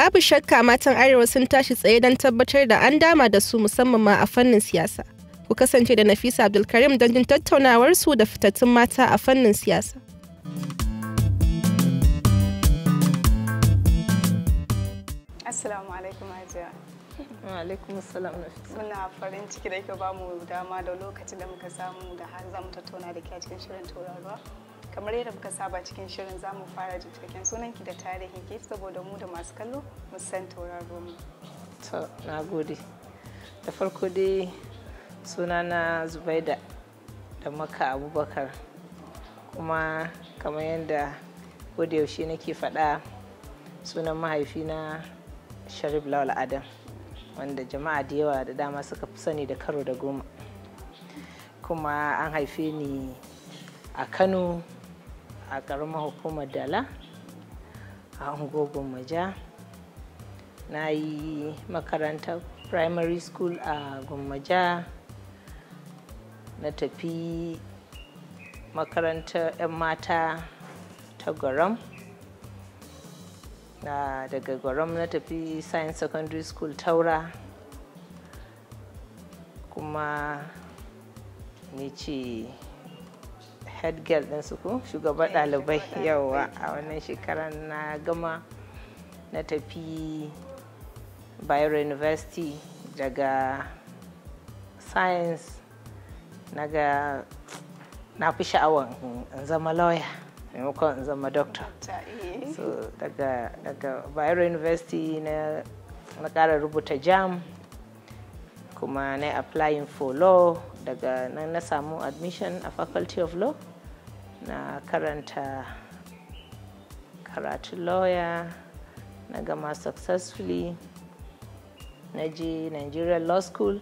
Babu shakka matan Arewa sun tashi tsaye don tabbatar da an dama da su musamman ma a fannin siyasa. Ku kasance da Nafisa Abdulkarim don jin tattaunawar su da fitattun mata a fannin siyasa. Muna farin ciki da ke ba mu dama da lokacin da muka samu da har za mu tattauna da ke cikin shirin taurarwa. kamar yadda muka saba cikin shirin za mu fara da sunan sunanki da tarihin ki saboda mu da masu kallo san tauraro mu to na gode da farko dai suna na zubaida da maka abubakar kuma kamar yadda da yaushe nake faɗa sunan mahaifina sharif lawal adam wanda jama'a da yawa da dama suka fi sani da karo da goma kuma an haife ni a kano a ƙaramar hukumar dala a ungogon maja na yi makarantar primary school a gummaja na tafi makarantar 'yan mata ta gwaram na daga gwaram na tafi science secondary school taura kuma ni ce head girl su ko shugaban eh, ɗalibai yawa a wannan shekarar na gama na tafi bayero university daga science naga na fi sha'awar in zama lawyer maimakon in zama doctor eh. so daga daga bayero university na na ƙara rubuta jam kuma na applying for law daga nan na samu admission a faculty of law na karanta karatu lawyer na gama successfully na je nigeria law school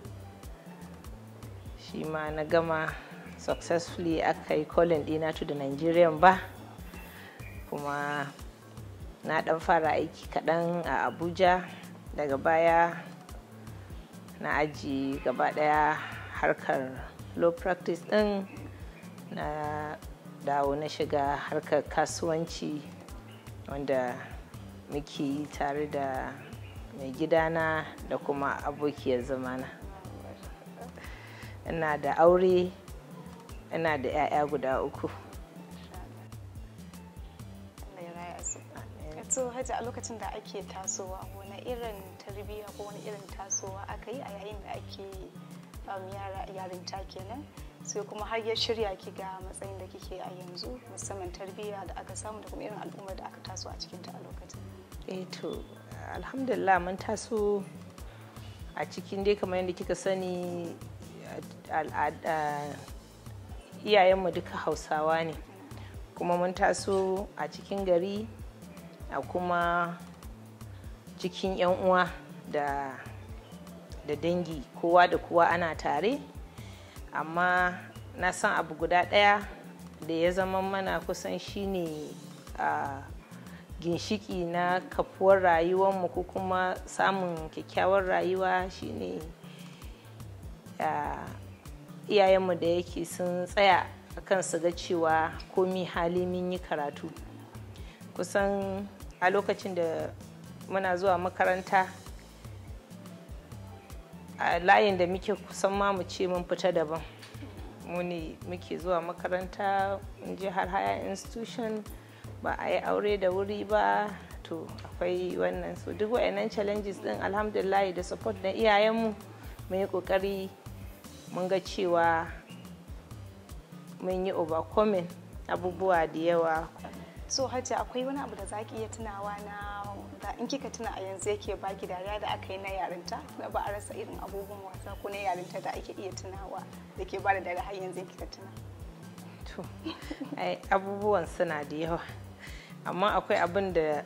shi ma na gama successfully aka yi calling dina to da nigerian ba kuma na dan fara aiki kaɗan a abuja daga baya na aji gaba ɗaya harkar law practice ɗin na dawo na shiga harkar kasuwanci wanda muke yi tare da mai gidana da kuma abokiyar zamana ina da aure ina da 'ya'ya guda uku so hajji a lokacin da ake tasowa wani irin tarbiyya ko wani irin tasowa aka yi a yayin da ake um, yara yarinta kenan sai kuma har ya shirya ki ga matsayin da kike a yanzu musamman tarbiyya da aka samu da kuma irin al'ummar da aka taso a cikin ta a lokacin eh to alhamdulillah mun taso a cikin dai kamar yadda kika sani iyayenmu duka hausawa ne kuma mun taso a cikin gari a kuma cikin 'yan uwa da dangi kowa da kowa ana tare amma na san abu guda ɗaya da ya zama mana kusan shine a ginshiki na kafuwar rayuwarmu ko kuma samun kyakkyawar rayuwa shine iyayenmu da yake sun tsaya akan su ga cewa komi hali mun yi karatu kusan a lokacin da muna zuwa makaranta a layin da muke kusan ma mu ce mun fita daban mu ne muke zuwa makaranta jihar har haya institution ba a yi aure da wuri ba to akwai wannan so duk wa'annan challenges din alhamdulillah da support na iyayenmu mu yi kokari mun ga cewa mun yi overcoming abubuwa da yawa so hajji akwai wani abu da zaki iya tunawa na in kika tuna a yanzu yake baki dariya da aka yi na yarinta da ba a rasa irin abubuwan wasa ko na yarinta da ake iya tunawa da ke ba da dariya har yanzu kika tuna to abubuwan suna da yawa amma akwai abin da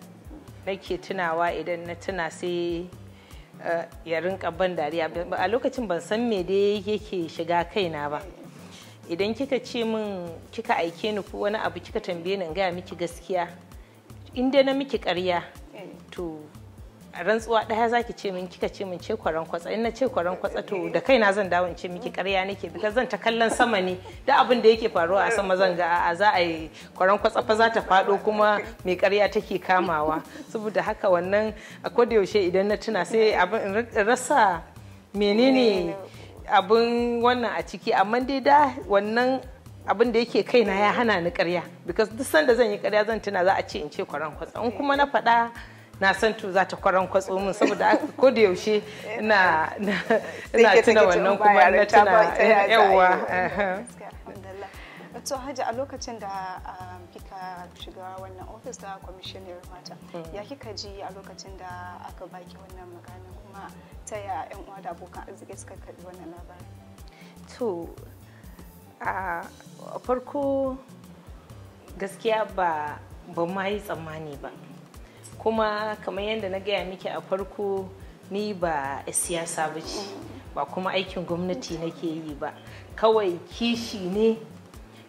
nake tunawa idan na tuna sai eh, ya rinka ban dariya a lokacin ban san me dai yake shiga kai na ba idan kika ce min kika aike ni ko wani abu kika tambaye ni in gaya miki gaskiya in dai na miki karya to rantsuwa ɗaya zaki ce min kika ce min ce kwaran kwatsa in na ce kwaran kwatsa to da kaina zan dawo in ce miki ƙarya nake bika zan ta kallon sama ne da abin da yake faruwa a sama zan ga a za a yi kwaran kwatsa fa za ta faɗo kuma mai ƙarya take kamawa saboda haka wannan a yaushe idan na tuna sai abin rasa menene abin wannan a ciki amma dai da wannan abin da yake kaina ya hana ni karya because duk sanda zan yi karya zan tuna za a ce in ce kwaran kwatsa in kuma na faɗa na san to za ta kwaran kwatso min saboda ko da yaushe na tuna wannan kuma na tuna yawa to hajji a lokacin da um, kika shiga wannan ofis da commissioner mata hmm. ya kika ji a lokacin da aka baki wannan magana kuma ta ya yan uwa da abokan arziki suka karbi wannan labarin to a farko gaskiya ba ba ma yi tsammani ba kuma kamar yadda na gaya miki a farko ni ba siyasa ba ce ba kuma aikin gwamnati nake yi ba kawai kishi ne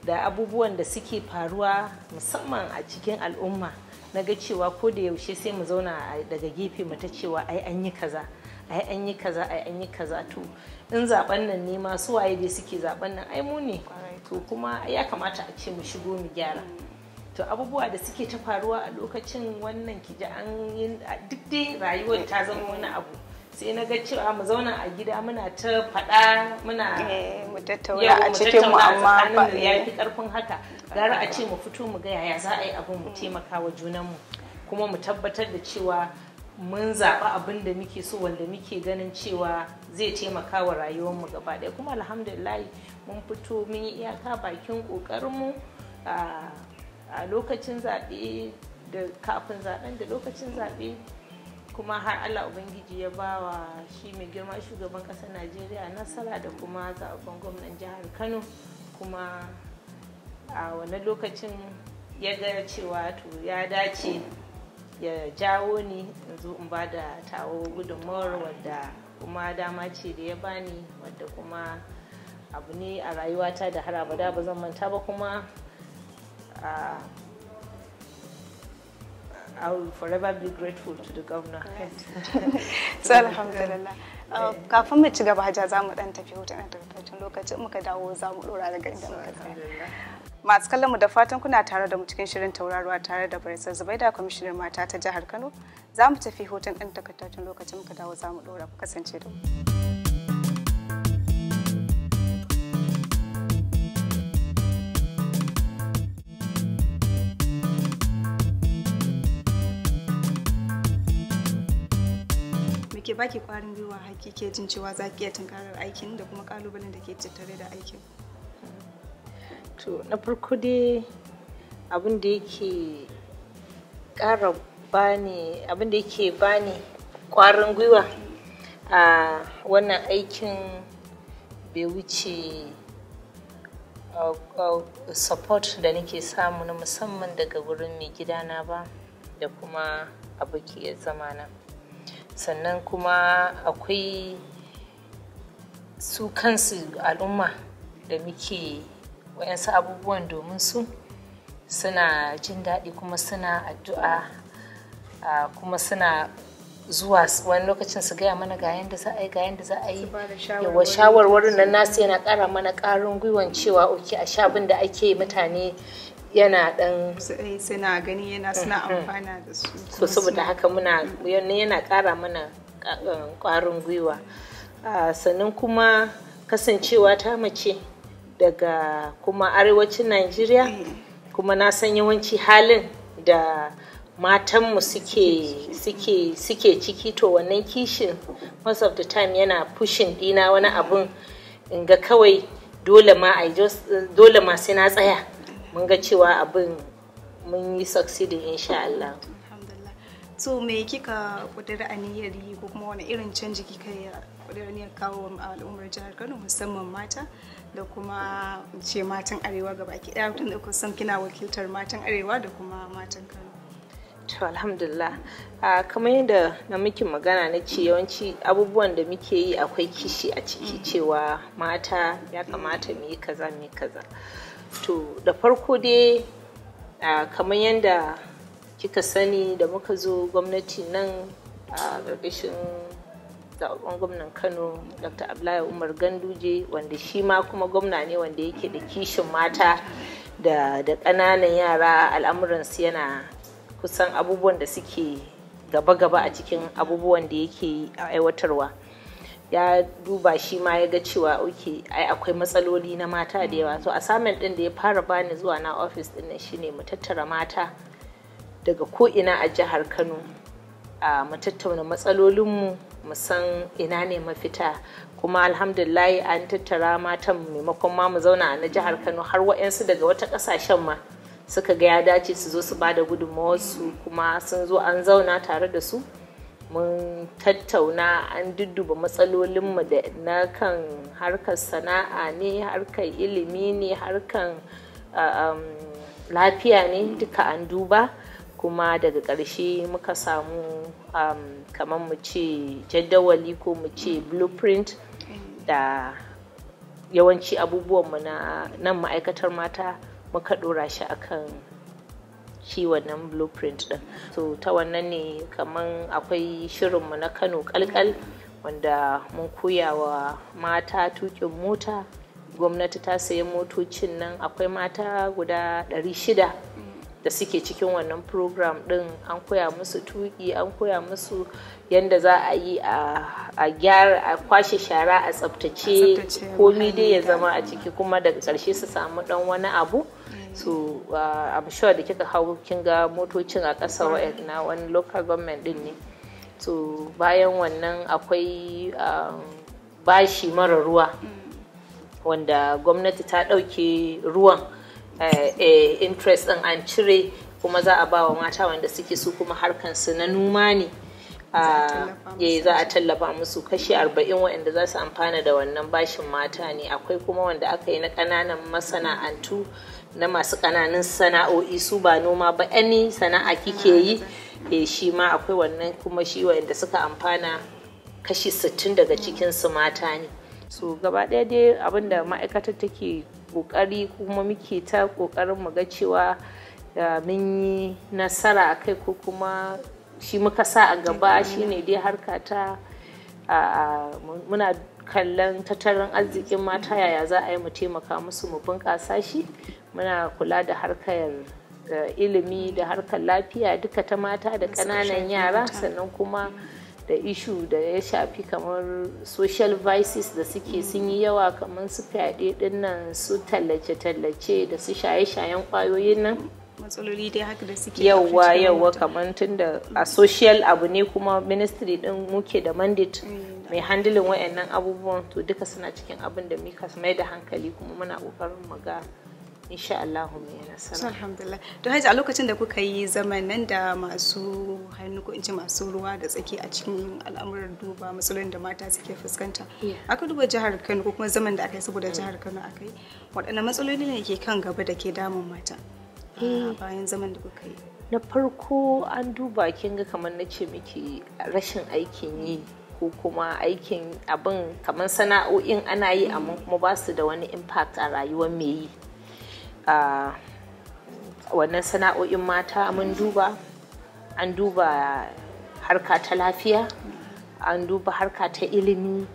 da abubuwan da suke faruwa musamman a cikin al'umma na ga cewa ko da yaushe sai mu zauna daga gefe mata cewa ai an yi kaza ai an yi kaza ai an yi kaza to in zaben nan ne su waye dai suke zaben nan ai mu ne to kuma ya kamata a ce mu shigo mu gyara to abubuwa da suke ta faruwa a lokacin wannan kiji an yi duk dai rayuwar ta zama wani abu sai na ga cewa mu zauna a gida muna ta faɗa muna eh, mu tattauna a cikin mu amma ya fi karfin haka gara a ce mu fito mu ga yaya za a yi abin mu mm. taimaka wa junan mu kuma mu tabbatar da cewa mun zaɓi abin da muke so wanda muke ganin cewa zai taimaka wa rayuwarmu gaba ɗaya kuma alhamdulillah mun fito mun yi iyaka bakin ƙoƙarinmu a lokacin zaɓe da kafin zaɓen da lokacin zaɓe kuma har allah ubangiji ya ba wa shi mai girma shugaban ƙasar najeriya nasara da kuma zaɓen gwamnan jihar kano kuma a wani lokacin ya ga cewa to ya dace ya jawo ni yanzu in ba da tawo gudunmawar wadda kuma dama ce da ya bani wadda kuma abu ne a rayuwata da har abada ba zan manta ba kuma I will forever be grateful to the governor. So alhamdulillah. Uh, kafin mu ci gaba hajja za mu dan tafi hutun na takaitaccen lokacin muka dawo za mu dora daga inda muka tsaya. Masu kallon mu da fatan kuna tare da mu cikin shirin tauraruwa tare da barisar Zubaida kwamishinar mata ta jihar Kano za mu tafi hoton ɗan takaitaccen lokacin muka dawo za mu ɗora ku kasance da mu. ke baki kwarin gwiwa haƙi ke jin cewa za ki iya tunkarar aikin da kuma ƙalubalen da ke tattare da aikin to na farko dai abin da yake ƙara bani abin da yake bani kwarin gwiwa a wannan aikin bai wuce support da nake samu na musamman daga wurin mai gidana ba da kuma abokiyar zamana sannan kuma akwai su kansu al'umma da muke wayansu abubuwan domin su suna jin daɗi kuma suna addu'a Ah, kuma suna zuwa wani lokacin su gaya mana ga yadda za a yi ga yadda za a yi yawa shawarwarin nan nasu yana kara mana karin gwiwan cewa oke a sha da ake mutane yana dan eh, suna gani yana suna mm-hmm. amfana da su saboda haka muna yana kara mana karin eh, gwiwa ah, sannan kuma kasancewa ta mace daga kuma arewacin najeriya eh. kuma na san yawanci halin da matanmu suke ciki to wannan kishin most of the time yana pushing dina wani abun in ga kawai dole ma i sai na tsaya mun ga cewa abin mun yi succeeding insha Allah so me kika kudura aniyar yi ko kuma wani irin canji kika yi kudura aniyar kawo al'ummar jihar Kano musamman mata da kuma ce matan arewa gaba ki daya tun da kusan kina wakiltar matan arewa da kuma matan Kano to alhamdulillah a kamar yadda na muke magana na ce yawanci abubuwan da muke yi akwai kishi a ciki cewa mata ya kamata mu yi kaza mu yi kaza to da farko dai kamar yadda kika sani da muka zo gwamnati nan a ƙarƙashin zaɓen gwamnan kano dr abdullahi umar ganduje wanda shi ma kuma gwamna ne wanda yake da kishin mata da ƙananan yara al'amuransu yana kusan abubuwan da suke gaba-gaba a cikin abubuwan da yake aiwatarwa ya duba shi ma ya ga cewa oke ai akwai matsaloli na mata da yawa so assignment din da ya fara bani zuwa na ofis din nan shine mu tattara mata daga ko ina a jihar Kano a mu tattauna matsalolinmu mu san ina ne mafita kuma alhamdulillah an tattara matan maimakon ma mu zauna a na jihar Kano har wa'yansu daga wata kasashen ma suka ga ya dace su zo su ba da su kuma sun zo an zauna tare da su mun tattauna an dudduba matsalolinmu da na kan harkar sana'a ne harkar ilimi ne harkar uh, um, lafiya ne duka an duba kuma daga ƙarshe muka samu um, kamar mu ce jadawali ko mu ce blueprint da yawanci abubuwanmu na nan ma'aikatar mata muka ɗora shi akan shi wannan blueprint ɗin so ta wannan ne kaman akwai shirinmu na kano kalkal wanda mun koya wa mata tukin mota gwamnati ta sayi motocin nan akwai mata guda 600 da suke cikin wannan program ɗin an koya musu tuki an koya musu yadda za a yi a gyara a kwashe shara a tsabtace komi dai ya zama a ciki kuma daga ƙarshe su samu dan wani abu uh, su da kika hau kin ga motocin a ƙasa na wani local government din ne so bayan wannan akwai um, bashi mara ruwa mm. wanda gwamnati ta ɗauke ruwan eh, eh, interest ɗin an cire kuma za a ba wa mata wanda suke su kuma harkansu na noma ne Ah, eh, za a tallafa musu kashi arba'in waɗanda za su amfana da wannan bashin mata ne akwai kuma wanda aka yi na ƙananan masana'antu na masu ƙananan sana'o'i su ba noma ba ɗani sana'a kike ah, yi e shi ma akwai wannan kuma shi waɗanda suka amfana kashi sittin daga cikin su mata ne so gaba ɗaya dai abinda ma'aikatar take ƙoƙari kuma muke ta ƙoƙarin mu ga cewa ah, mun yi nasara akai ko kuma shi muka sa a gaba shi ne dai harka ta muna kallon tattalin arzikin mata yaya za a yi mu taimaka musu mu bunƙasa shi muna kula da harkar ilimi da harkar lafiya duka ta mata da ƙananan yara sannan kuma mm. da ishu da ya shafi kamar social vices da suke mm. sun yi yawa kamar su fyaɗe ɗinnan su tallace-tallace da su shaye-shayen ƙwayoyin nan matsaloli dai haka da suke yawwa yawwa kamar tunda a social abu ne kuma ministry din muke da mandate mm. mai handling wayannan abubuwan to duka suna cikin abin da muka mai da hankali kuma muna kokarin mu ga insha Allah nasara alhamdulillah to haji a lokacin da kuka yi zaman nan da masu hannu ko inci masu ruwa da tsaki a cikin al'amuran duba matsalolin da mata suke fuskanta aka duba jihar Kano ko kuma zaman da aka yi saboda mm. jihar Kano akai yi waɗanne matsaloli ne ke kan gaba da ke damun mata Eh, ah, bayan zaman da kuka yi na farko an duba kin ga kamar na ce miki rashin aikin yi ko kuma aikin abin kamar sana'o'in ana yi amma mm. kuma ba su da wani impact a rayuwar mai yi ah, wannan sana'o'in mata mun duba an duba harka ta lafiya an duba harka ta ilimi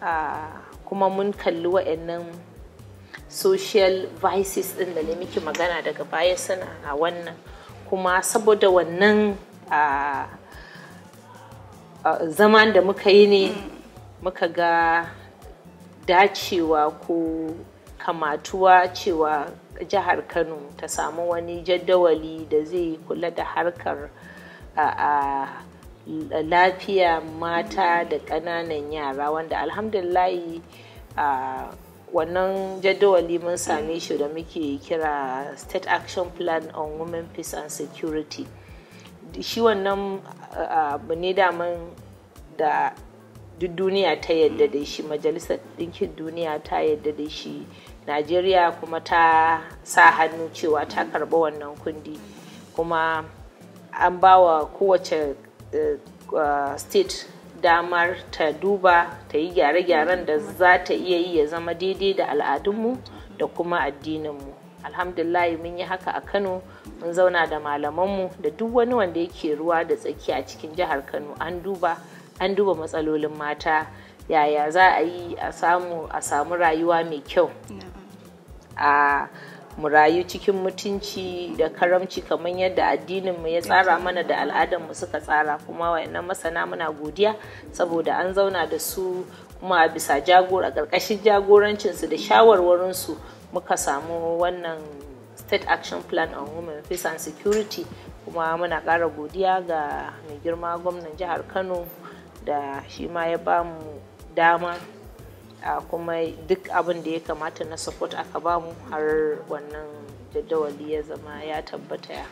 ah, kuma mun kalli wa'annan social vices din da ne muke magana daga baya suna a wannan kuma saboda wannan zaman da muka yi ne muka ga dacewa ko kamatuwa cewa jihar kano ta samu wani jadawali da zai kula da harkar lafiya mata da ƙananan yara wanda alhamdulillahi wannan jadawali mun same shi da muke kira state action plan on women peace and security shi wannan uh, abu ne daman da duk duniya ta yadda da shi majalisar ɗinkin duniya ta yadda da shi najeriya kuma ta sa hannu cewa ta karba wannan kundi kuma an ba wa kowace uh, uh, state damar ta duba ta yi gyare-gyaren da za ta iya yi ya zama daidai da al'adunmu da kuma addininmu alhamdulillah mun yi haka a kano mun zauna da malamanmu da duk wani wanda yake ruwa da tsaki a cikin jihar kano an duba an duba matsalolin mata yaya za a yi a samu a samu rayuwa mai kyau a mu rayu cikin mutunci da karamci kamar yadda addininmu ya tsara mana da mu suka tsara kuma wayannan masana muna godiya saboda an zauna da su kuma bisa jagora ƙarƙashin jagorancinsu da shawarwarinsu muka samu wannan state action plan on women peace and security kuma muna ƙara godiya ga mai girma gwamnan jihar kano da shi ma ya bamu dama kuma duk abin da ya kamata na support aka ba mu har wannan jadawali ya zama ya tabbata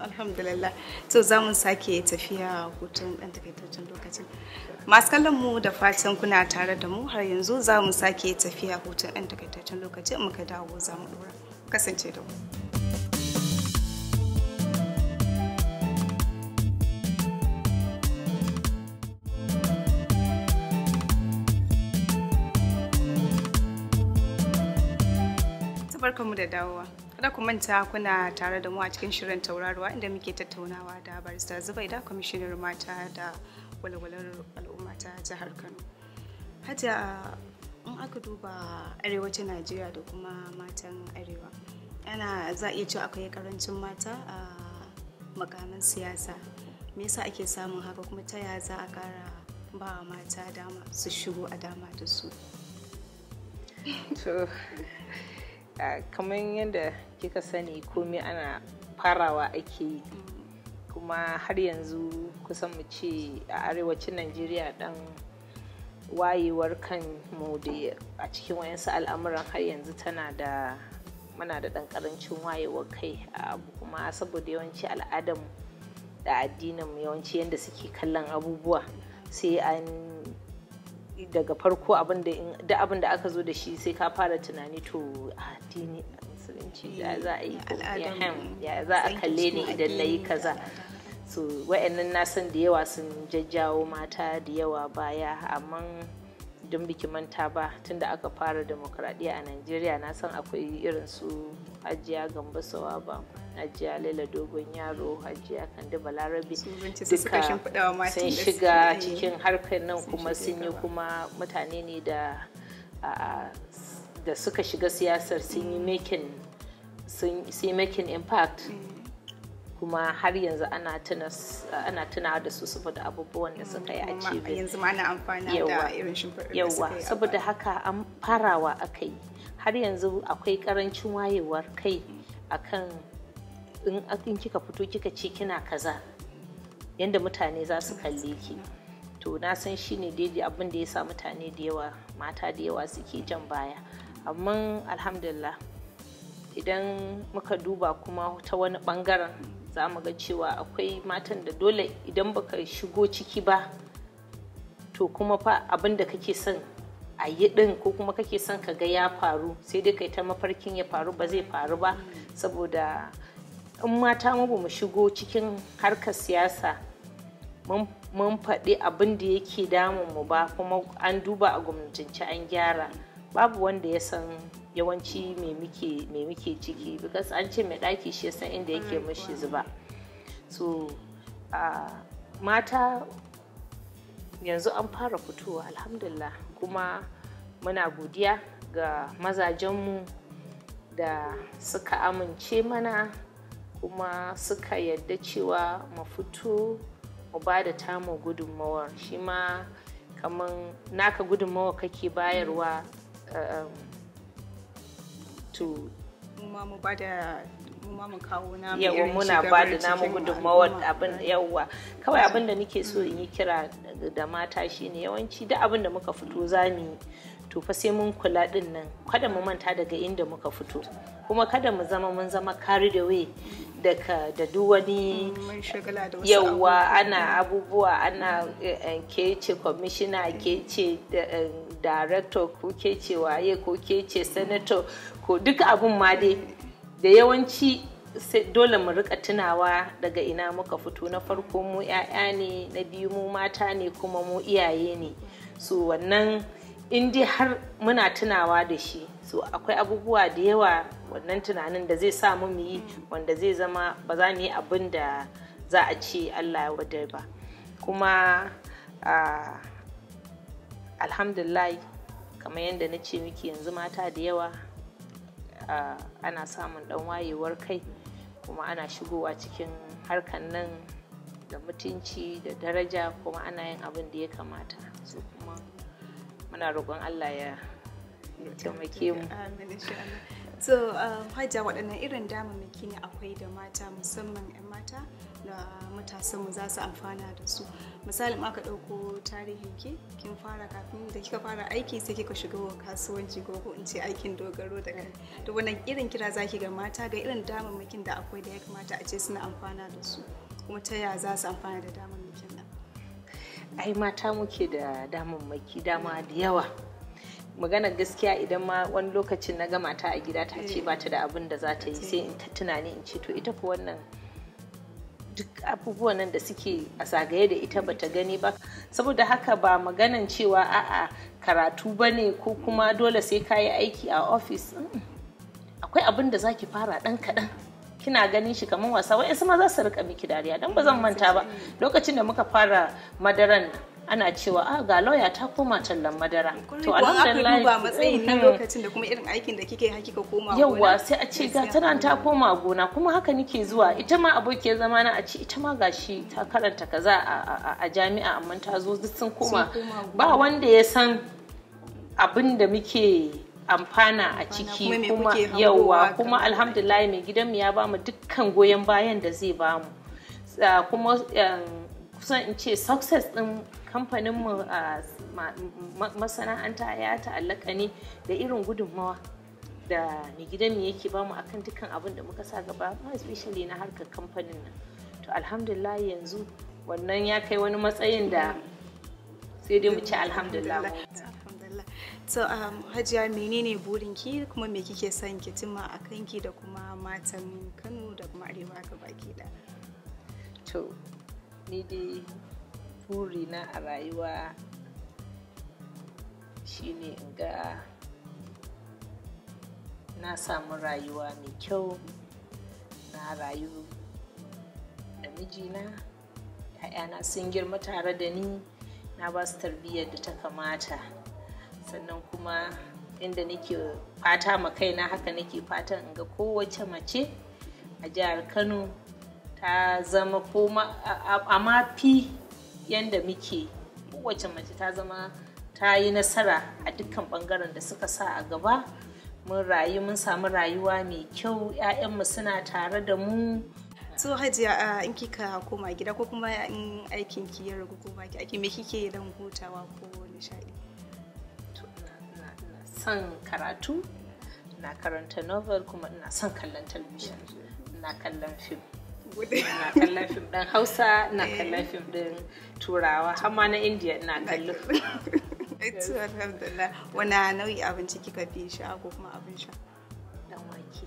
alhamdulillah to za mu sake tafiya hutun ɗan takaitaccen lokacin masu kallon mu da fatan kuna tare da mu har yanzu za mu sake tafiya hutun ɗan takaitaccen lokacin muka dawo za mu ɗora kasance da mu barkanmu da dawowa. Kada ku manta kuna tare da mu a cikin shirin tauraruwa inda muke tattaunawa da barista Zubaida kwamishinar mata da walwalar al'umma ta jihar Kano. Hajiya in aka duba arewacin Najeriya da kuma matan arewa. Ana za a iya cewa akwai karancin mata a makaman siyasa. Me yasa ake samun haka kuma ta yaya za a kara ba mata dama su shigo a dama da su. kamar yadda kika sani komai ana farawa ake yi kuma har yanzu kusan mu ce a arewacin najeriya dan wayewar kan mu da a cikin wayansu al'amuran har yanzu tana da mana da dan karancin wayewar kai abu kuma saboda yawanci al'adam da addinin yawanci yadda suke kallon abubuwa sai an daga farko da abin da aka zo da shi sai ka fara tunani to addini musulunci ya za a yi ya za a kalle ni idan na yi kaza so wa'annan na da yawa sun jajjawo mata da yawa baya amma don biki manta ba tunda aka fara demokradiyya a najeriya na san akwai irin su ajiya gamba ba ajiya laila dogon yaro ajiya kandi balarabe duka sun shiga cikin harkar nan kuma sun yi kuma mutane ne da da suka shiga siyasar sun yi making impact mm. kuma har yanzu ana tuna da su saboda abubuwan da suka yi a yanzu ma ana amfani da irin da saboda haka an farawa aka yi har yanzu akwai karancin wayewar kai akan in kika fito kika ce kina kaza yadda mutane za su kalle ki to na san shi ne daidai abin da ya sa mutane da yawa mata da yawa suke jan baya amma alhamdulillah idan muka duba kuma ta wani bangaren za mu ga cewa akwai matan da dole idan baka shigo ciki ba to kuma fa abin da kake son a yi ɗin ko kuma kake son ka ga ya faru sai dai kai ta mafarkin ya faru ba zai faru ba saboda in mata mu mu shigo cikin harkar siyasa mun faɗi abin da yake damun mu ba kuma an duba a gwamnatance an gyara babu wanda ya san yawanci me muke ciki because an ce mai ɗaki shi san inda yake mashi zuba so uh, mata yanzu an fara fitowa alhamdulillah kuma muna godiya ga mazajenmu da suka amince mana kuma suka yadda cewa mu fito mu ba da tamu gudunmawar shi ma kamar naka gudunmawar kake bayarwa eh, um, to bada mu yawa muna bada namu gudunmawar abin yawa kawai abin da nake so mm. in yi kira da mata shine yawanci duk abin da muka fito za mu to fa sai mun kula din nan kada mu manta daga inda muka fito kuma kada mu zama mun zama da wai daga da duk wani mm, yawa ana abubuwa ana eh, eh, ke ce commissioner ke ce eh, director ko ke ce waye ko ke ce senator ko duk abun ma dai da yawanci dole mu rika tunawa daga ina muka fito na farko mu 'ya'ya ne na biyu mu mata ne kuma mu iyaye ne so wannan indi har muna tunawa da shi so akwai abubuwa da yawa wannan tunanin da zai samu mu yi wanda zai zama ba za mu yi abin da za a ce allah ya wadai ba kuma alhamdulillah kamar yadda na ce miki yanzu mata da yawa ana samun ɗan wayewar kai kuma ana shigowa cikin harkan nan da mutunci da daraja kuma ana yin abin da ya kamata so kuma muna roƙon Allah ya taimake mu so um, hajja waɗannan irin damammaki ne akwai da mata musamman 'yan mata da matasanmu za su amfana da su misalin aka ɗauko tarihin ki kin fara kafin da kika fara aiki sai kika shiga wa kasuwanci ko in ce aikin dogaro da kai to wannan irin kira zaki ga mata ga irin damammakin da akwai da ya kamata a ce suna amfana da su kuma ta yaya za su amfana da damammakin nan ai mata muke da damammaki dama da yawa magana gaskiya idan ma wani lokacin na ga mata a gida ta ce eh. ba ta da abin da za ta yi sai in ta tunani in ce to ita ku wannan duk abubuwan nan da suke a zagaye da ita bata gani ba saboda haka ba maganan cewa a'a karatu ba ne ko kuma dole sai ka yi aiki a ofis akwai abin da zaki fara ɗan kaɗan kina ganin shi kamar wasa wa'yansu ma za su rika miki dariya don ba zan manta ba lokacin da muka fara madaran ana cewa a ah, ga lauya ta koma tallan madara to alhamdulillah ba mm. lokacin da kuma irin aikin da kike ka koma gona sai a ce ga tana ta koma gona kuma haka nike zuwa ita ma abokiyar zama na a ce ita ma gashi ta karanta kaza a jami'a amma ta zo sun koma ba wanda ya san abin da muke amfana a ciki kuma yawwa kuma alhamdulillah mai gidan mu ya bamu dukkan goyon bayan da zai bamu kuma eh, kusan in ce success din kamfanin mu masana'anta ya ta'allaka ne da irin gudunmawa da ni gidan mu yake bamu akan dukkan abin da muka sa gaba especially na harkar kamfanin nan to alhamdulillah yanzu wannan ya kai wani matsayin da sai dai mu ci alhamdulillah so um, hajiya menene burin ki kuma me kike son ki cimma a kanki da kuma matan kano da kuma arewa ga baki da to ni dai burina a rayuwa shine in ga na samu rayuwa mai kyau na rayu da mijina ‘ya'yana sun girma tare da ni na ba su tarbiyyar da ta kamata sannan kuma inda nake fata ma kaina haka nake fatan in ga kowace mace a jihar kano ta zama ko a mafi yadda muke kowace mace ta zama ta yi nasara a dukkan bangaren da suka sa a gaba mun rayu mun samu rayuwa mai kyau 'ya'yanmu suna tare da mu so hajiya in kika koma gida ko kuma in aikin ki ya ragu koma ki aiki me kike dan hutawa ko nishadi son karatu na karanta novel kuma ina son kallon talabijin ina kallon fim gudu na kallon fim ɗin hausa na eh. kallon fim ɗin turawa har ma na indiya na kallon alhamdulillah wani nau'i abinci kika fi sha ko kuma abin sha dan wake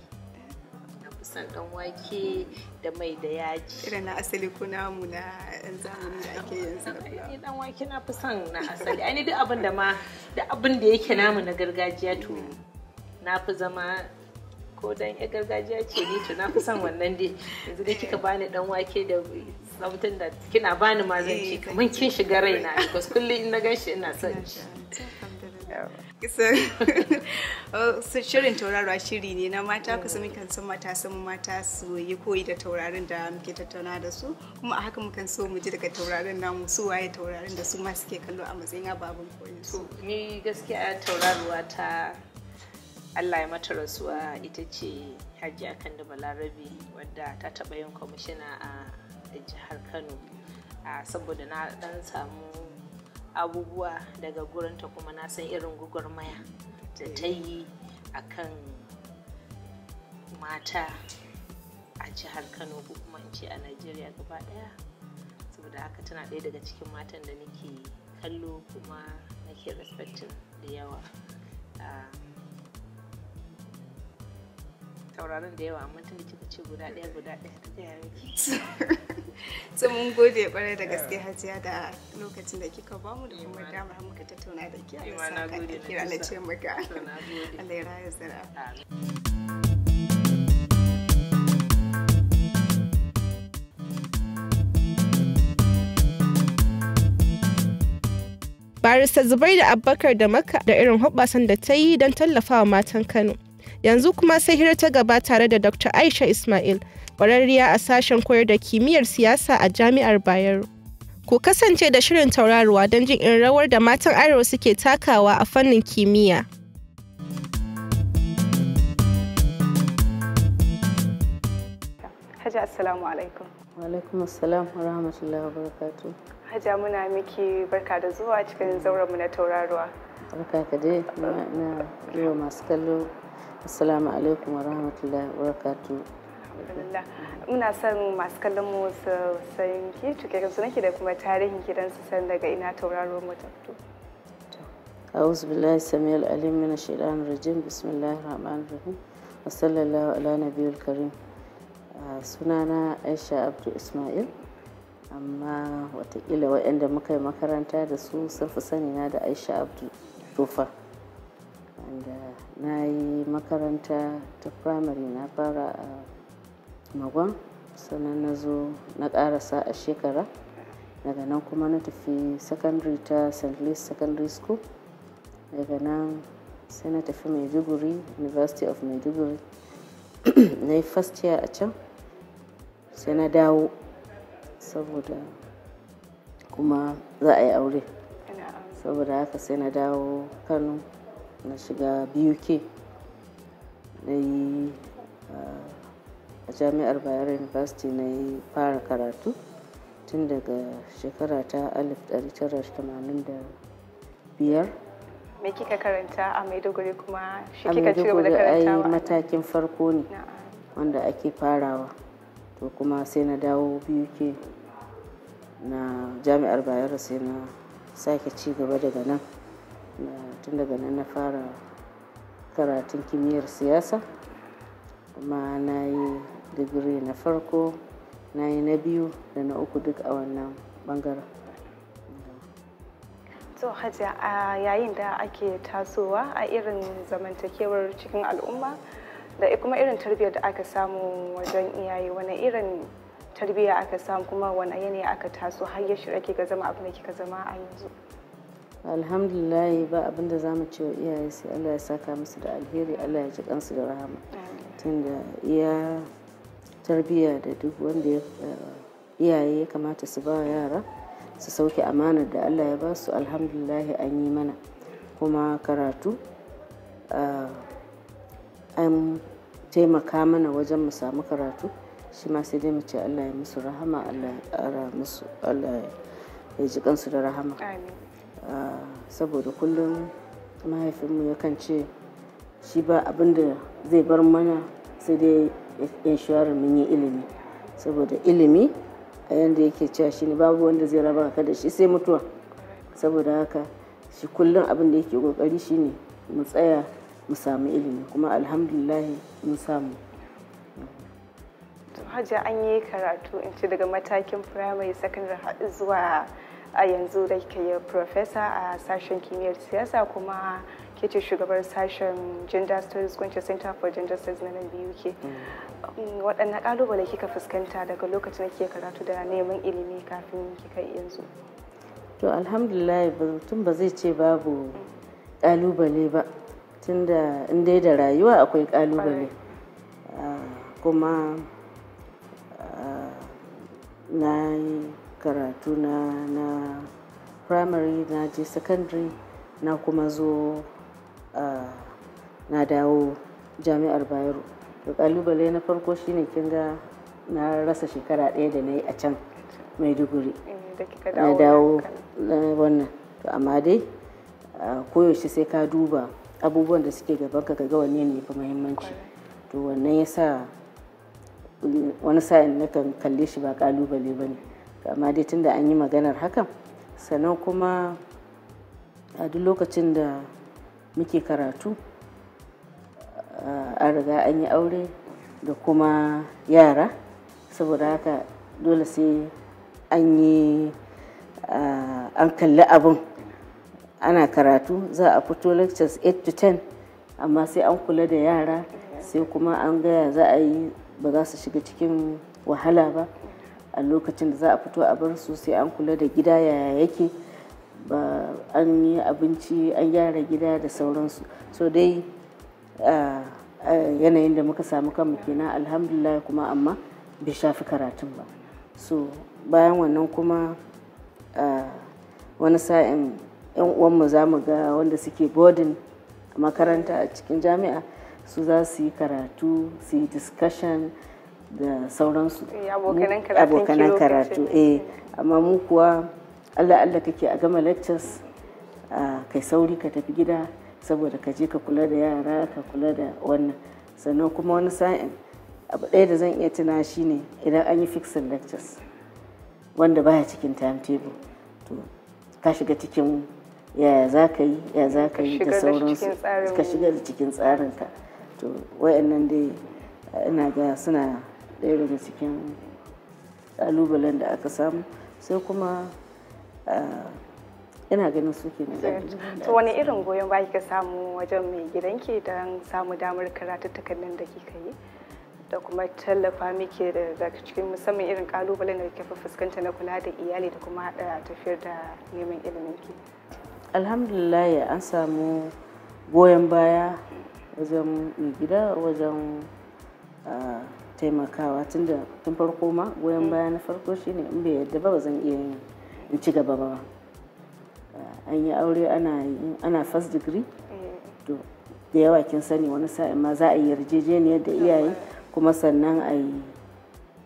na fi son dan wake da mai da yaji irin na asali ko namu na yan zamani da ake yanzu ni dan wake na fi son na asali ai duk abin da ma duk abin da yake namu na gargajiya to mm. na fi zama ko dan ya gargajiya ce ni to na kusan wannan dai yanzu dai kika bani dan wake da sautin da kina bani ma zan ci eh, kamar kin shiga raina because kullum in na ganshi ina son ci shirin taurarwa shiri ne na mata kusa mukan son samu mata su yi koyi da taurarin da muke tattauna da su kuma a haka mukan so mu ji daga taurarin namu su waye taurarin da su ma suke kallo a matsayin ababen koyi ni gaskiya tauraruwa ta allah ya mata rasuwa ita ce hajji akan da balarabi wadda ta taba yin kwamishina a jihar kano saboda na ɗan samu abubuwa daga gurinta kuma na san irin gugurmaya da ta yi a kan mata a jihar kano ko kuma in ce a najeriya gaba ɗaya saboda haka tana ɗaya daga cikin matan da nake kallo kuma nake respectin da yawa sauraron da yawa amma tun da kika ce guda ɗaya guda ɗaya ta gaya miki so mun gode kwarai da gaske hajiya da lokacin da kika ba mu da kuma damar muka tattauna da ke a sa kira na ce maka Allah ya raya zara barista zubai da abubakar da maka da irin hoɓɓasan da ta yi don tallafawa matan kano Yanzu kuma sai hira ta gaba tare da Dr. Aisha Ismail, ƙwararriya a sashen koyar da kimiyyar siyasa a Jami'ar Bayero. Ku kasance da shirin tauraruwa don jin in rawar da matan Arewa suke takawa a fannin kimiyya. Hajji Assalamu alaikum. Wa alaikum assalam wa rahmatullahi wa barakatu. Hajja muna miki barka da zuwa cikin zauren mu na tauraruwa. Barka ka dai na yi masu kallo assalamu alaikum wa rahmatullahi wa muna son masu kallon mu su san ki cikakken sunanki da kuma tarihin gidan su san daga ina tauraro mutattu A'udhu billahi السميع alim min ash-shaytan rajim bismillahir rahmanir rahim. Wa sallallahu ala nabiyil karim. Ah, sunana Aisha Abdu Ismail amma watakila waɗanda muka yi makaranta da su sun fi sani na da Aisha Abdu Tufa. da na yi makaranta ta firamare na fara a magon sannan na zo na karasa a shekara daga nan kuma na tafi secondary ta st louis secondary school daga nan sai na tafi maiduguri university of maiduguri na yi first year a can sai na dawo saboda kuma za a yi aure saboda haka sai na dawo kano na shiga buk na yi a jami'ar bayero university na yi fara karatu tun daga shekara ta 1985 me kika karanta a maiduguri kuma shi kika ci gaba da karantawa ai matakin farko ne wanda ake farawa to kuma sai na dawo buk na jami'ar bayero sai na sake ci gaba daga nan na tun daga nan na fara karatun kimiyyar siyasa kuma na yi digiri na farko na yi na biyu da na uku duk a wannan bangaren so hajiya a yayin da ake tasowa a irin zamantakewar cikin al'umma da kuma irin tarbiyyar da aka samu wajen iyaye wani irin tarbiyya aka samu kuma wani yanayi aka taso har ya shirya kika zama abin da kika zama a yanzu alhamdulillah ba abinda da zamu cewa iyaye sai Allah ya saka musu da alheri Allah ya ji kansu da rahama tunda iya tarbiyya da duk wanda ya iyaye ya kamata su ba yara su sauke amanar da Allah ya ba su alhamdulillah an yi mana kuma karatu an taimaka mana wajen mu samu karatu shi ma sai dai mu ce Allah ya musu rahama Allah ya musu Allah ya ji kansu da rahama saboda kullum mahaifinmu yakan ce shi ba abin da zai bar mana sai dai inshorar mun yi ilimi saboda ilimi a yadda yake cewa shi ne babu wanda zai raba ka da shi sai mutuwa saboda haka shi kullum abin da yake kokari ne mu tsaya mu samu ilimi kuma alhamdulillah mun samu hajji an yi karatu in ce daga matakin firamare haɗu zuwa a yanzu da ke yi profesa a sashen kimiyyar siyasa kuma ke ce shugabar sashen gender studies kwanci center for gender studies na nan biyu ke mm. waɗannan ƙalubale kika fuskanta daga lokacin da ke karatu da neman ilimi kafin kika yanzu to alhamdulillah tun ba zai ce babu ƙalubale ba tun in dai da rayuwa akwai ƙalubale ah, kuma ah, na yi karatu na na primary na je secondary na kuma zo uh, na dawo jami'ar bayero to kalubale na farko shine kin ga na rasa shekara ɗaya da na yi a can maiduguri eh, na dawo wannan to amma dai ah, koyaushe sai ka duba abubuwan da suke gaban ka ga wanne ne fi muhimmanci to wannan ya sa wani sa'in na kan kalle shi ba kalubale ba ne amma dai tunda an yi maganar hakan sannan kuma a duk lokacin da muke karatu an riga an yi aure da kuma yara saboda haka dole sai an yi an kalli abin ana karatu za a fito lectures 8 to 10 amma sai an kula da yara sai kuma an gaya za a yi ba za su shiga cikin wahala ba a lokacin da za a fito a bar su sai an kula da gida yaya yake ba an yi abinci an gyara gida da sauransu so dai yanayin da muka samu kanmu kenan alhamdulillah kuma amma bai shafi karatun ba so bayan wannan kuma wani sa'in yan uwanmu za mu ga wanda suke boarding makaranta a cikin jami'a su za su yi karatu su yi discussion da sauransu eh, abokanan karatu eh amma mu kuwa allah allah kake a gama lectures kai sauri ka tafi gida saboda ka je ka kula da yara ka kula da wannan sannan kuma wani sa'in abu ɗaya da zan iya tuna ne idan an yi fixing lectures wanda baya cikin timetable to ka shiga cikin yaya za ka yi ya za ka yi da sauransu ka shiga da cikin tsarinka to wayannan dai ina ga suna ɗaya daga cikin ƙalubalen da aka samu sai kuma ina ganin su ke to wani irin goyon baki ka samu wajen mai gidanki don samu damar karatu takardun da kika yi da kuma tallafa miki daga cikin musamman irin kalubalen da ke fuskanta na kula da iyali da kuma haɗa tafiyar da neman ilimin ki alhamdulillah an samu goyon baya wajen mai gida wajen taimakawa tunda tun farko ma goyon baya na farko shine in bai yadda ba ba zan iya yin in ci gaba ba ah, an yi aure ana first degree mm. to da yawa kin sani wani sa'in ma za a yi yarjejeniyar da iyaye kuma sannan a yi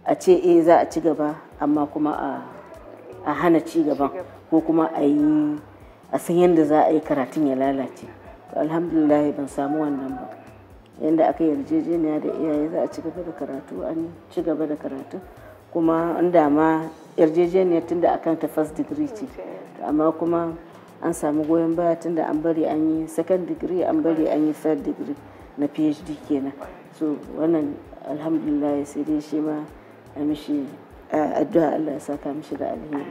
a ce eh za a ci gaba amma kuma a hana ci gaba ko kuma a yi a san yadda za a yi karatun ya lalace alhamdulillah ban samu wannan ba yadda aka yarjejeniya da iyaye za a ci gaba da karatu an ci gaba da karatu kuma an dama yarjejeniyar tun da akan ta first degree ce amma kuma an samu goyon baya tun da an bari an yi second degree an bari an yi third degree na phd kenan so wannan alhamdulillah sai dai shi ma a mishi addu'a allah ya saka mishi da alheri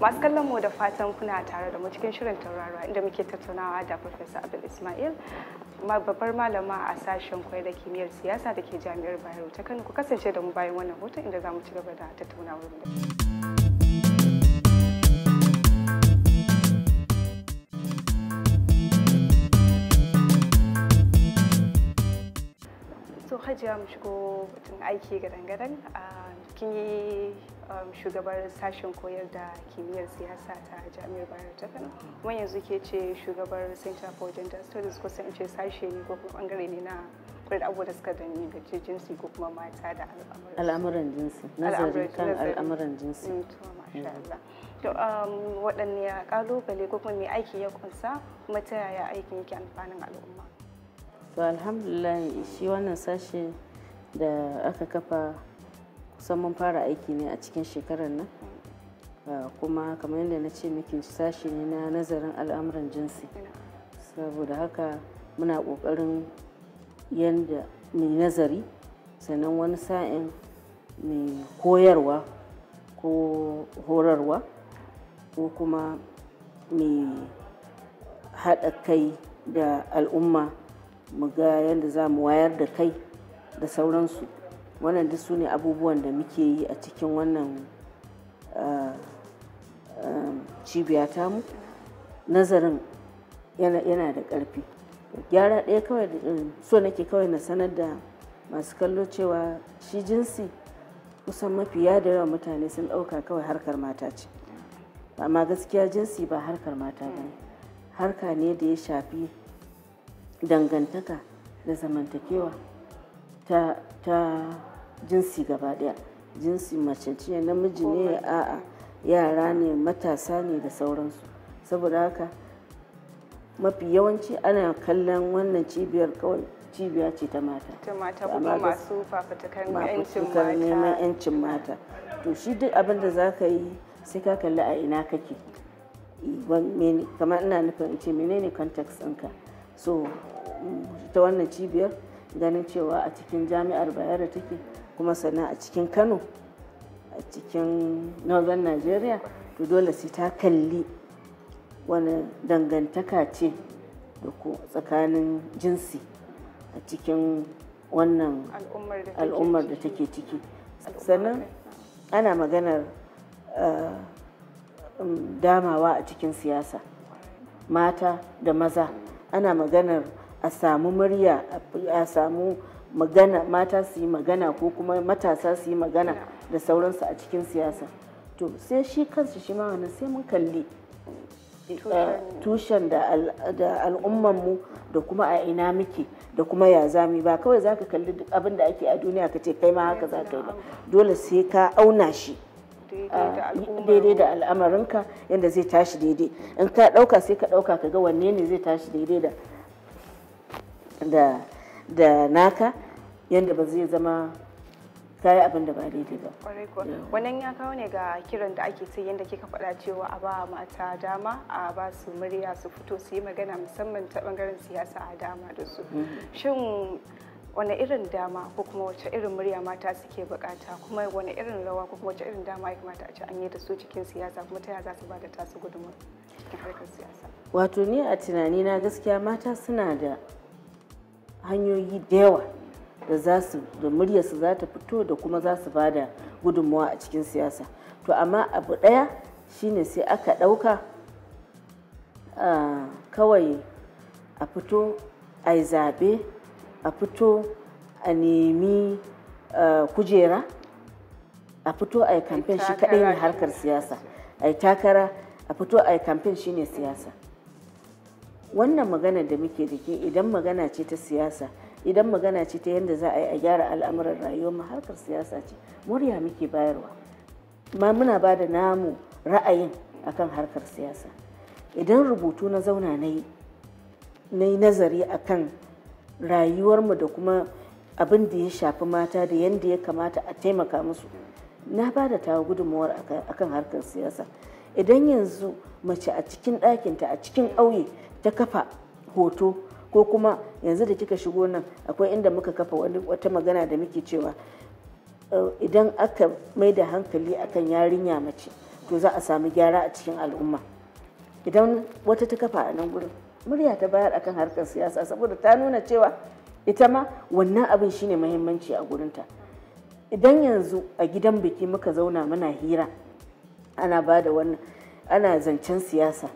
masu kallon mu da fatan kuna tare da mu cikin shirin tauraro inda muke tattaunawa da Professor Abdul Ismail babbar malama a sashen koyar da kimiyyar siyasa da ke jami'ar Bayero ta Kano ku kasance da mu bayan wannan hoton inda za mu ci gaba da tattaunawar mu. hajiya mu shigo batun aiki gadan-gadan ah, kin yi Um, shugabar sashen koyar da kimiyyar siyasa ta jami'ar bayar ta kano kuma yanzu ke ce shugabar center for gender studies ko sai ce sashe ne ko kuma bangare ne na kula abu abubuwa da suka dani da ce jinsi ko kuma mata da al'amuran jinsi nazari kan al'amuran jinsi mm, to um, waɗanne kalubale ko kuma me aiki ya kunsa kuma ta yaya aikin yake amfanin al'umma to alhamdulillah shi wannan sashe da aka kafa kusan mun fara aiki ne a cikin shekarar nan kuma kamar yadda na ce miki sashi ne na nazarin al'amuran jinsi saboda haka muna ƙoƙarin yadda mai nazari sannan wani sa'in mai koyarwa ko horarwa ko kuma mai haɗa kai da al'umma mu ga yadda za mu wayar da kai da sauransu wannan duk su ne abubuwan da muke yi a cikin wannan eh, eh, cibiya mu. nazarin yana da ƙarfi gyara ɗaya kawai eh, so nake kawai na sanar da masu kallo cewa shi jinsi kusan mafi da yawan mutane sun ɗauka kawai harkar mata ce amma gaskiya jinsi ba harkar mata ba harka ne da ya shafi dangantaka da zamantakewa ta jinsi gaba daya jinsi mace ce namiji ne a'a yara ne matasa ne da sauransu saboda haka mafi yawanci ana kallon wannan cibiyar kawai cibiya ce ta mata ta mata kuma masu neman yancin mata to shi duk abin da za ka yi sai ka kalli a ina kake kamar ina nufin ce menene context ɗinka so mm, ta wannan cibiyar ganin cewa a cikin jami'ar da take kuma sannan a cikin kano a cikin northern nigeria to dole sai ta kalli wani dangantaka ce da ku tsakanin jinsi a cikin wannan al'ummar da take ciki sannan ana maganar eh, um, damawa a cikin siyasa mata da maza ana maganar a samu murya a samu magana mata su yi magana ko kuma matasa su yi magana da sauransu a cikin siyasa to sai shi kansu shi ma wani sai mun kalli eh, tushen da al'ummanmu da kuma a ina muke da kuma ya zami ba kawai za ka kalli duk abin da ake a duniya ka ce kai ma haka za ka yi ba dole sai ka auna shi daidai da ah, al'amarinka yadda zai tashi daidai in ka ɗauka sai ka ɗauka ka ga wanne ne zai tashi daidai da da naka yadda ba zai zama kayi abin da ba daidai ba. Wannan ya kawo ne ga kiran da ake ta yadda kika faɗa cewa a ba mata dama a ba su murya su fito su yi magana musamman ta ɓangaren siyasa a dama da su. Mm-hmm. Shin wane irin dama ko kuma wace irin murya mata suke bukata kuma wane irin rawa ko kuma wace irin dama ya kamata a ci an yi da su cikin siyasa kuma ta za su ba tasu gudunmawa cikin harkar siyasa. Wato ni a tunani na gaskiya mata suna da hanyoyi da yawa da za su da muryarsu za ta fito da kuma za su ba da gudunmawa a cikin siyasa to amma abu ɗaya shine sai aka ɗauka kawai a fito a yi zaɓe a fito a nemi kujera a fito a yi kamfen shi kaɗai ne harkar siyasa a yi takara a fito a yi kamfen shi ne siyasa wannan magana da muke da ke idan magana ce ta siyasa idan magana ce ta yadda za a yi a gyara al'amuran rayuwar harkar siyasa ce murya muke bayarwa ma muna ba da namu ra'ayin akan harkar siyasa idan rubutu na zauna na yi na yi nazari akan rayuwarmu da kuma abin da ya shafi mata da yadda ya kamata a taimaka musu na ba da tawa gudunmawar akan harkar siyasa idan yanzu mace a cikin ɗakinta a cikin ƙauye ta kafa hoto ko kuma yanzu da kika shigo nan akwai inda muka kafa wata magana da muke cewa eh, idan aka mai da hankali akan yarinya mace to za a samu gyara a cikin al'umma idan wata ta kafa a nan gurin murya ta bayar akan harkar siyasa saboda ta nuna cewa ita ma wannan abin shine muhimmanci a gurinta idan yanzu a gidan biki muka zauna muna hira ana ba da wannan ana zancen siyasa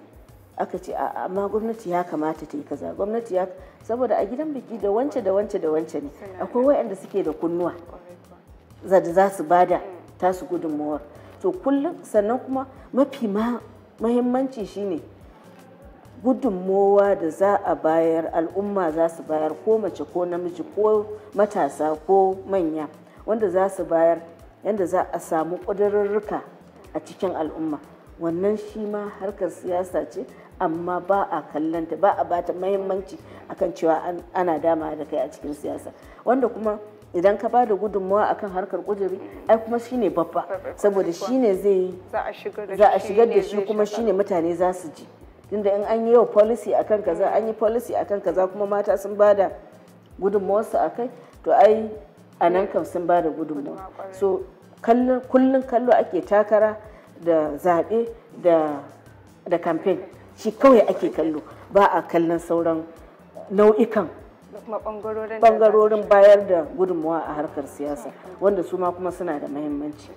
aka ce a'a amma gwamnati ya kamata ta yi kaza gwamnati ya saboda a gidan biki da wance da wance da wance ne akwai wayanda suke da kunnuwa za da za su bada tasu gudunmawar to kullum sannan kuma mafi mahimmanci shine gudunmowa da za a bayar al'umma za su bayar ko mace ko namiji ko matasa ko manya wanda za su bayar yadda za a samu ƙudurrurruka a cikin al'umma wannan shi ma harkar siyasa ce amma ba a kallanta ba a bata mahimmanci akan cewa ana dama da kai a cikin siyasa wanda kuma idan ka ba da gudunmawa akan harkar kujeri ai kuma shine babba saboda shine zai za a shigar da shi kuma shine mutane za su ji tunda in an yi yau policy akan kaza an yi policy akan kaza kuma mata sun ba da gudunmawarsu a kai to ai a nan kam sun ba da gudunmawa so kullun kallo ake takara da zaɓe da kamfen shi kawai ake kallo ba a kallon sauran nau'ikan bangarorin bayar da gudunmawa a harkar siyasa wanda su ma kuma suna da mahimmanci.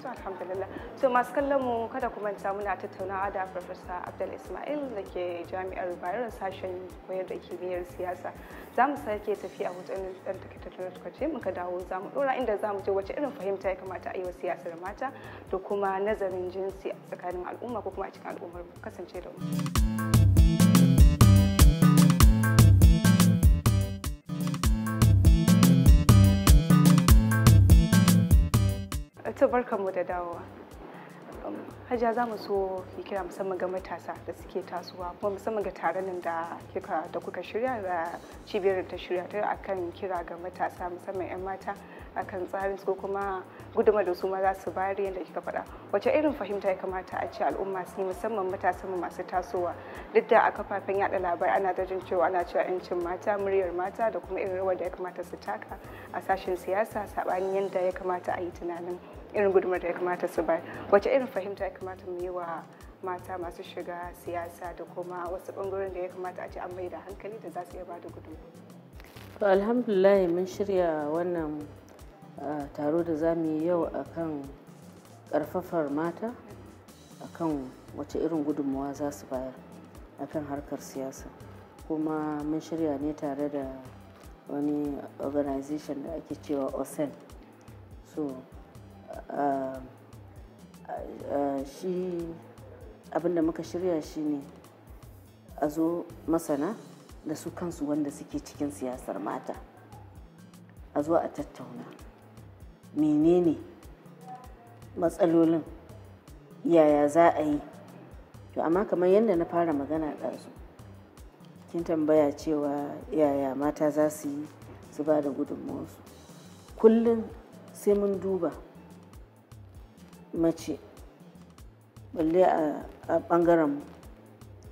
so alhamdulillah. To masu kallon mu kada ku manta muna tattaunawa da Professor Abdul Ismail da ke Jami'ar Bayero sashen koyar da kimiyyar siyasa. Za mu sake tafiya hutun ɗan takaitattun lokaci muka dawo za mu ɗora inda za mu je wace irin fahimta ya kamata a yi wa siyasar mata da kuma nazarin jinsi a tsakanin al'umma ko kuma a cikin al'ummar kasance da mu. to mu da dawowa hajiya za mu so ki kira musamman ga matasa da suke tasowa kuma musamman ga taron da kika da kuka shirya da cibiyar ta shirya ta akan kira ga matasa musamman 'yan mata akan tsarin su kuma guduma da su maza su bayar yadda kika faɗa wace irin fahimta ya kamata a ce al'umma su yi musamman matasan masu tasowa duk da a kafafen yada labarai ana da jin cewa ana cewa yancin mata muryar mata da kuma irin rawar da ya kamata su taka a sashen siyasa saɓanin yadda ya kamata a yi tunanin irin gudunmar da ya kamata su bayar wace irin fahimta ya kamata mu yi wa mata masu shiga siyasa da kuma wasu bangaren da ya kamata a ce an mai da hankali da za su iya bada da to alhamdulillah mun shirya wannan taro da za mu yi yau a kan karfafar mata a kan wace irin gudunmawa za su bayar a kan harkar siyasa kuma mun shirya ne tare da wani organization da ake cewa osen so shi abinda muka shirya shi ne a zo masana da su kansu wanda suke cikin siyasar mata a zo a tattauna menene matsalolin yaya za a yi to amma kamar yadda na fara magana ɗazu kin tambaya cewa yaya mata za su yi su ba da kullum sai mun duba mace balle a ɓangaren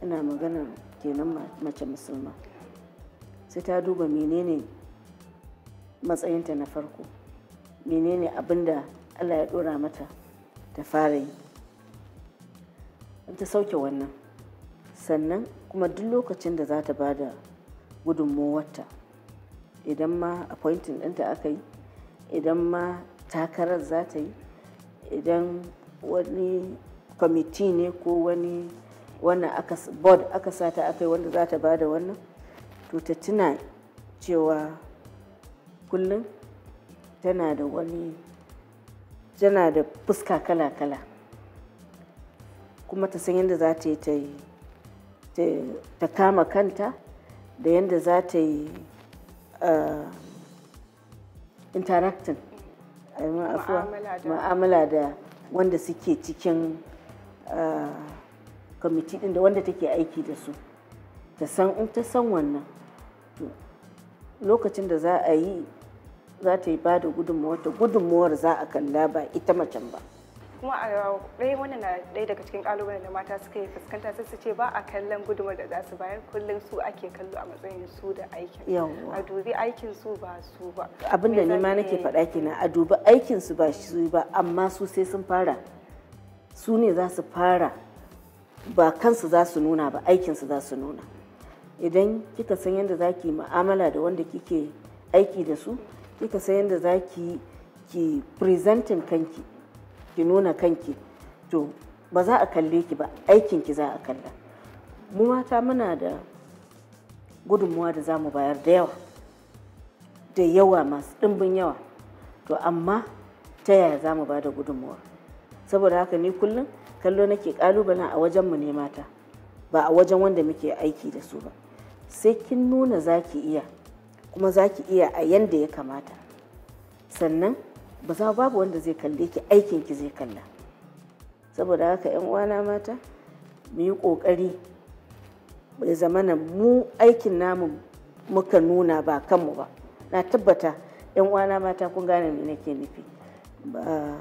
ina magana kenan mace musulma sai ta duba menene matsayinta na farko menene abin da allah ya ɗora mata ta fara yi ta sauke wannan sannan kuma duk lokacin da za ta ba da gudunmowarta idan ma appointing ɗinta aka yi idan ma takarar za ta yi idan wani kwamiti ne ko wani wannan board aka sata aka yi wanda za ta ba da wannan to ta tuna cewa kullum tana da wani tana da fuska kala-kala kuma ta san yadda za ta yi ta kama kanta da yadda za ta yi ah, interacting ma'amala da wanda suke cikin ah, kwamiti ɗin da wanda take aiki da su ta san in ta san wannan lokacin da za a yi za ta yi ba da gudunmawar za a kalla ba ita macen ba. kuma a ɗaya wannan na ɗaya daga cikin ƙalubalen da mata suka yi fuskanta sai su ce ba a kallon gudumar da za su bayar kullum su ake kallo a matsayin su da aikin a dubi aikin su ba su ba abin da nima nake faɗa kenan a dubi aikin su ba su ba amma su sai sun fara su ne za su fara ba kansu za su nuna ba su za su nuna idan kika san yadda za ki mu'amala da wanda kike aiki da su kika san yadda za ki ki presentin kanki ki nuna kanki to ba za a kalle ki ba aikin ki za a kalla mu mata muna da gudunmuwa da za mu bayar da yawa da yawa masu ɗimbin yawa to amma ta yaya za mu ba da gudunmuwa saboda haka ni kullum kallo nake kalubalen a wajen mu ne mata ba a wajen wanda muke aiki da su ba sai kin nuna za ki iya kuma za ki iya a yanda ya kamata sannan ba za babu wanda zai kalle ki aikin ki zai kalla saboda haka yan uwana mata mu yi kokari bai na mu aikin namu muka nuna ba kanmu ba na tabbata yan uwana mata kun gane me nake nufi ba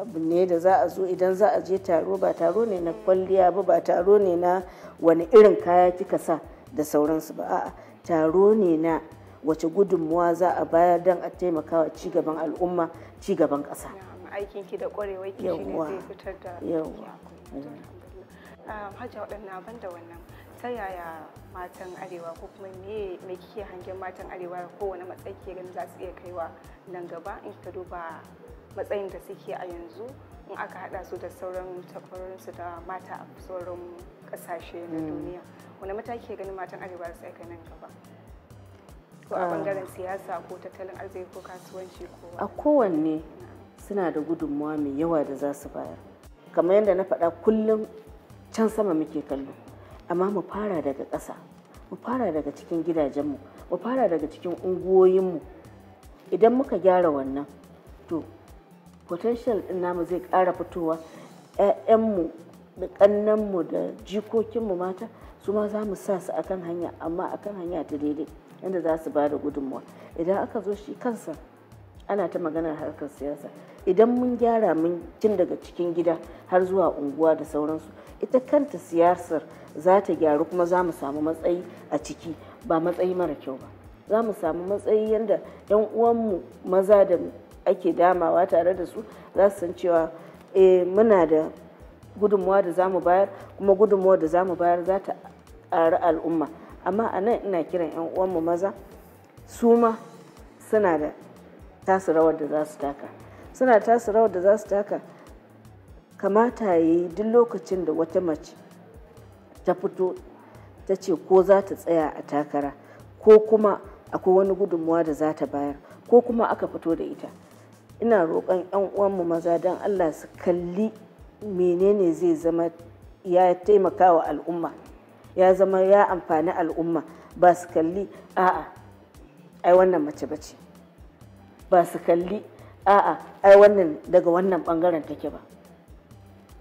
abu ne da za a zo idan za a je taro ba taro ne na kwalliya ba ba taro ne na wani irin kaya kika sa da sauransu ba a'a taro ne na wace gudunmuwa za a bayar don a taimakawa cigaban al'umma cigaban ƙasa aikinki da ƙwarewar ki shine zai fitar da yawa hajja waɗannan ban da wannan ta yaya matan arewa ko kuma me mai kike hangen matan arewa kowane matsayi ke ganin za su iya kaiwa nan gaba in ka duba matsayin da suke a yanzu in aka haɗa su da sauran su da mata a sauran kasashe na mm. duniya wani mataki ke ganin matan arewa su aika nan gaba ko a bangaren ah. siyasa ko tattalin arziki ko kasuwanci ko a kowanne suna da gudunmawa mai yawa da za su bayar kamar yadda na faɗa kullum can sama muke kallo amma mu fara daga ƙasa mu fara daga cikin gidajenmu mu fara daga cikin unguwoyinmu idan muka gyara wannan to potential ɗin namu zai ƙara fitowa 'ya'yanmu da ƙannanmu da jikokinmu mata su ma za mu sa su akan hanya amma akan hanya ta daidai yanda za su ba da gudunmuwa idan aka zo shi kansa ana ta magana harkar siyasa idan mun gyara mun tun daga cikin gida har zuwa unguwa da sauransu ita kanta siyasar za ta gyaru kuma za mu samu matsayi a ciki ba matsayi mara kyau ba za mu samu matsayi yadda 'yan uwanmu maza da ake damawa tare da su za su san cewa e, muna da gudunmuwa da za mu bayar kuma gudunmuwa da za mu bayar za ta ƙari al'umma amma a nan ina kiran 'yan uwanmu maza su ma suna da tasu rawar da za su taka suna tasu rawar da za su taka kamata ya yi duk lokacin da wata mace ta fito ta ce ko za ta tsaya a takara ko kuma akwai wani gudunmuwa da za ta bayar ko kuma aka fito da ita ina roƙon 'yan uwanmu maza don allah su kalli menene zai zama ya taimaka wa al'umma ya zama ya amfani al'umma ba su kalli a'a ai wannan mace bace ba su kalli a'a ai wannan daga wannan bangaren take ba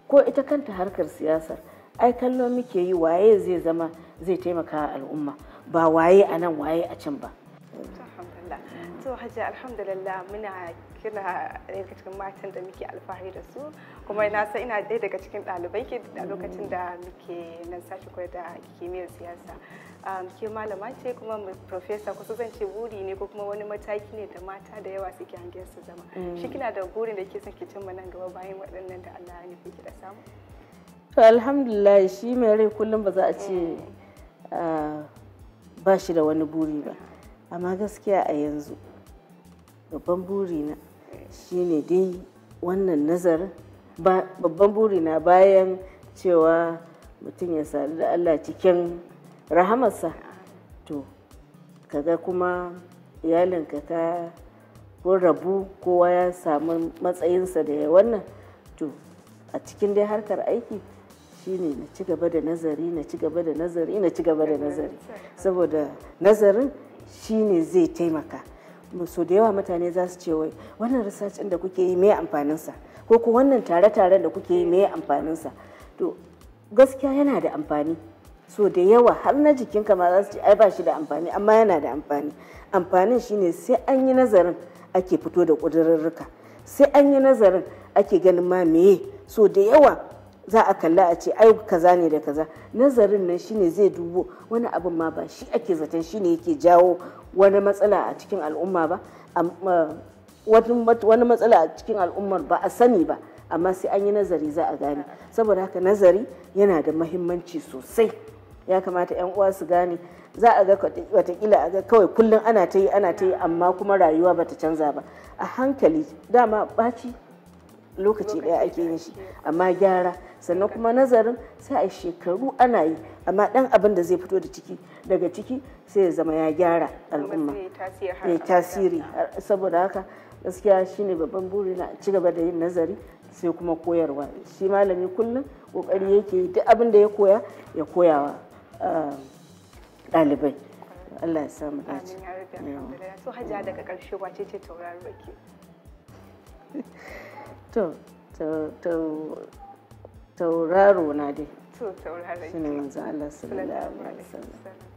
ko ita kanta harkar siyasar ai kallo muke yi waye zai zama zai taimaka al'umma ba waye a nan waye a can ba to hajji alhamdulillah muna kira daga cikin matan da muke alfahari da su kuma na san ina ɗaya daga cikin ɗalibai ke a lokacin da muke nan sashi koyar da kimiyyar siyasa ke malama ce kuma profesa kusa zan ce buri ne ko kuma wani mataki ne da mata da yawa suke hangiyar su zama shi kina da burin da ke son ki cimma nan gaba bayan waɗannan da Allah ya nufi ki da samu to alhamdulillah shi mai rai kullum ba za a ce ba shi da wani buri ba amma gaskiya a yanzu babban burina ne dai wannan nazar babban burina bayan cewa mutum ya sadu da allah cikin rahamarsa to kaga kuma iyalinka ka ko rabu kowa ya samu matsayinsa da ya wannan to a cikin dai harkar aiki shine na ci gaba da nazari na ci gaba da nazari na ci gaba da nazari saboda nazarin shi ne zai taimaka so da yawa mutane za su ce wai wannan research da kuke yi amfanin sa ko ko wannan tare-tare da kuke yi amfanin sa to gaskiya yana da amfani so da yawa har na jikinka ma za su ce ai ba shi da amfani amma yana da amfani amfanin shine sai an yi nazarin ake fito da ƙudurrurruka sai an yi nazarin ake ganin ma meye so da yawa za a kalla a ce ai kaza ne da kaza nazarin nan shine zai dubo wani abin ma ba shi ake zaton shine yake jawo wani matsala a cikin al'umma ba wani matsala a cikin al'ummar ba a sani ba amma sai an yi nazari za a gane saboda haka nazari yana da mahimmanci sosai ya kamata 'yan uwa su gane za a ga watakila a ga kawai kullum ana ta yi ana ta yi amma kuma rayuwa bata canza ba a hankali dama ɓaci lokaci daya ake yin shi amma gyara sannan kuma nazarin sai a shekaru ana yi amma dan abin da zai fito da ciki daga ciki sai ya zama ya gyara al'umma ya tasiri saboda haka gaskiya shine babban buri na ci gaba da yin nazari sai kuma koyarwa shi malami kullum kokari yake yi duk abin da ya koya ya koyawa ah, ɗalibai Allah ya samu dace. Amin ya daga karshe wace ce tauraro ke? to tauraro na dai to tauraro ne manzo Allah sallallahu alaihi wasallam